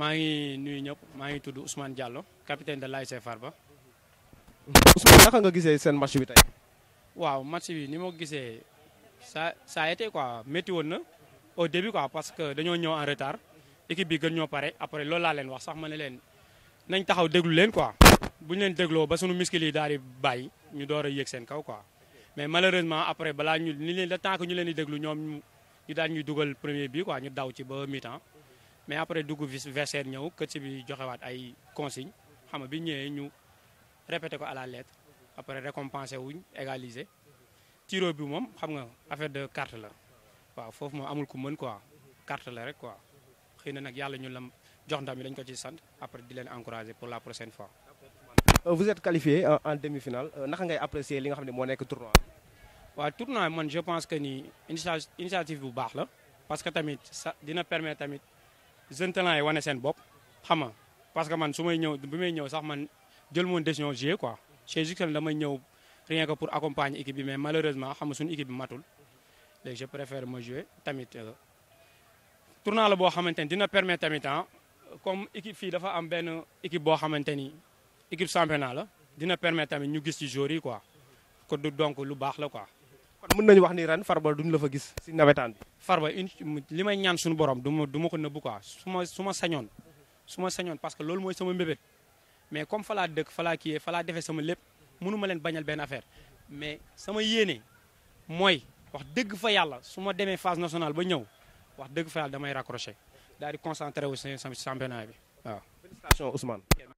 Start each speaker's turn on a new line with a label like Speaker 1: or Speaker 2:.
Speaker 1: maa ngi nuyu ñëpp maa ngi tudd Ousmane Diallo capitaine de l'ASC Farba.
Speaker 2: Ousmane naka nga gisee seen match bi tey.
Speaker 1: waaw match bi ni ma ko gisee sa ça a été quoi métti woon na au début quoi parce que dañoo ñëw en retard équipe bi gën ñoo pare après loolu leen wax sax ma ne leen nañ taxaw déglu leen quoi bu ñu leen dégloo ba sunu muscle yi daal di bàyyi ñu door a yéeg seen kaw quoi mais malheureusement après balaa ñu leen le temps que ñu leen di déglu ñoom ñu daal mais après dugg vestiaire ñëw coach bi joxewaat ay consigne xam nga bi ñëwee ñu répété ko à la lettre après récompensé wuñ égalisé tiro bi moom xam nga affaire de carte la waaw foofu moom amul ku mën quoi carte la rek quoi xëy na nag yàlla ñu la jox ndam mi dañ ko ci sant après di leen encourager pour la prochaine fois.
Speaker 2: Euh, vous êtes qualifié en demi-finale euh, naka ngay apprécier li nga xam ne moo nekk tournoi
Speaker 1: waaw tournoi man je pense que ni initiative bu baax la parce jeune talent yi wane seen bopp xam parce que man su may ñëw bi may ñëw sax man jël moon décision jouer quoi chez Juxel damay ñëw rien que pour accompagner équipe bi mais malheureusement xam nga suñu matul léegi je préfère ma jouer tamit euh, tournoi la boo xamante ni dina permettre tamit ah comme équipe fii dafa am benn équipe boo xamante ni équipe championnat la dina permettre tamit ñu gis ci joueurs yi quoi ko donc lu baax la quoi kon mën nañu wax ni ren Farba duñ la fa gis si nawetaan bi. Farba in li may ñaan suñu borom du ma du ma ko nëbbu quoi su ma su ma sañoon su ma sañoon parce que loolu mooy sama mbébét mais comme falaa laa dëkk fa laa kiyee fa laa sama lépp mënu ma leen bañal benn affaire mais sama yéene mooy wax dëgg fa yàlla su ma demee phase nationale ba ñëw wax dëgg fa yàlla damay raccroché daal di concentré wu si championnat bi waaw.